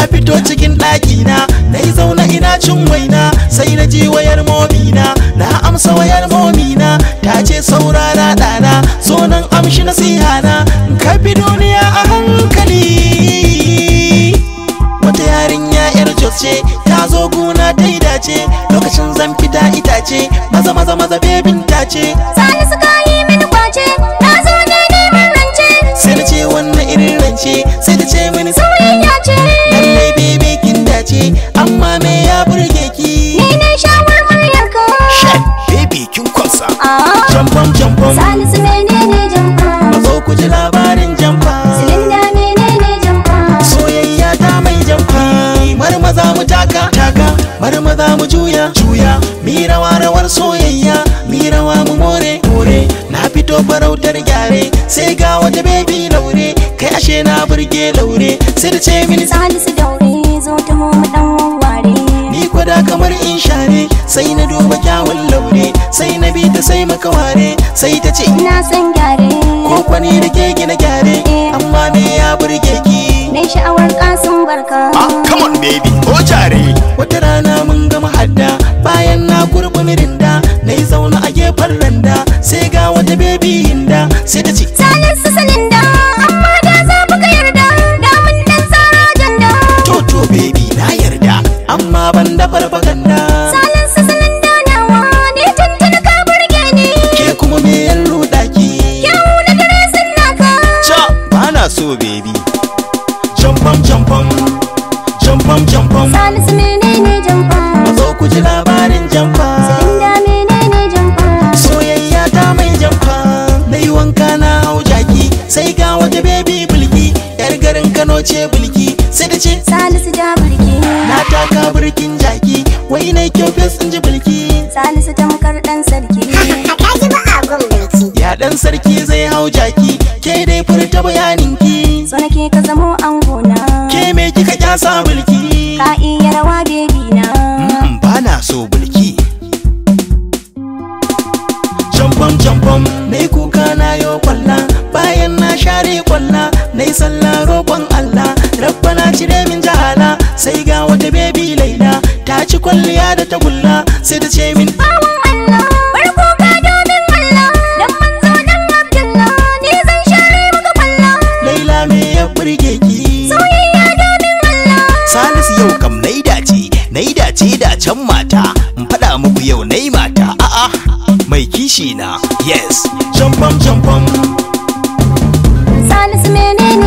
na fito cikin ɗakina na yi zauna ina cin waina sai na ji wayar momina na amsa wayar momina ta ce saurara ɗana so nan amshi nasiha na ka fi duniya a hankali wata yarinya yar ce ta zo gona ta yi dace lokacin zan fita itace maza maza maza bebin ta ce sai da ce wannan irin rance sai da ce mini farautar gyare sai ga wata bebi laure kai ashe na burge laure sai da ce mini salisu daure zo ta mu dan ware ni kwada kamar in share sai na duba kyawun laure sai na bi ta sai maka ware sai ta ce ina san gyare ko kwani da ke gina gyare eh. amma me so baby jamfan jamfan jamfan jamfan salisu menene on mazo ku ji labarin jamfan inda menene jamfan soyayya ta mai jamfan na yi wanka na hau jaki sai ga wata baby bulki yar garin kano ce bulki sai da ce salisu ja bulki na taka burkin jaki wai na kyau fes in ji bulki salisu tamkar dan sarki dan sarki zai hau jaki ke dai furta bayanin ki so nake ka zamo an gona ke me kika kyasa bulki ka iya rawa baby na mm, ba na so bulki jambam jambam nayi kuka na yo kwalla bayan na share kwalla nai sallah roƙon Allah rabbana cire min jahala sai ga wata baby laila ta ci kwalliya da ta tagulla sai ta ce san mata in faɗa muku yau na mata a'a mai kishi na yes jampam jampam salisu menene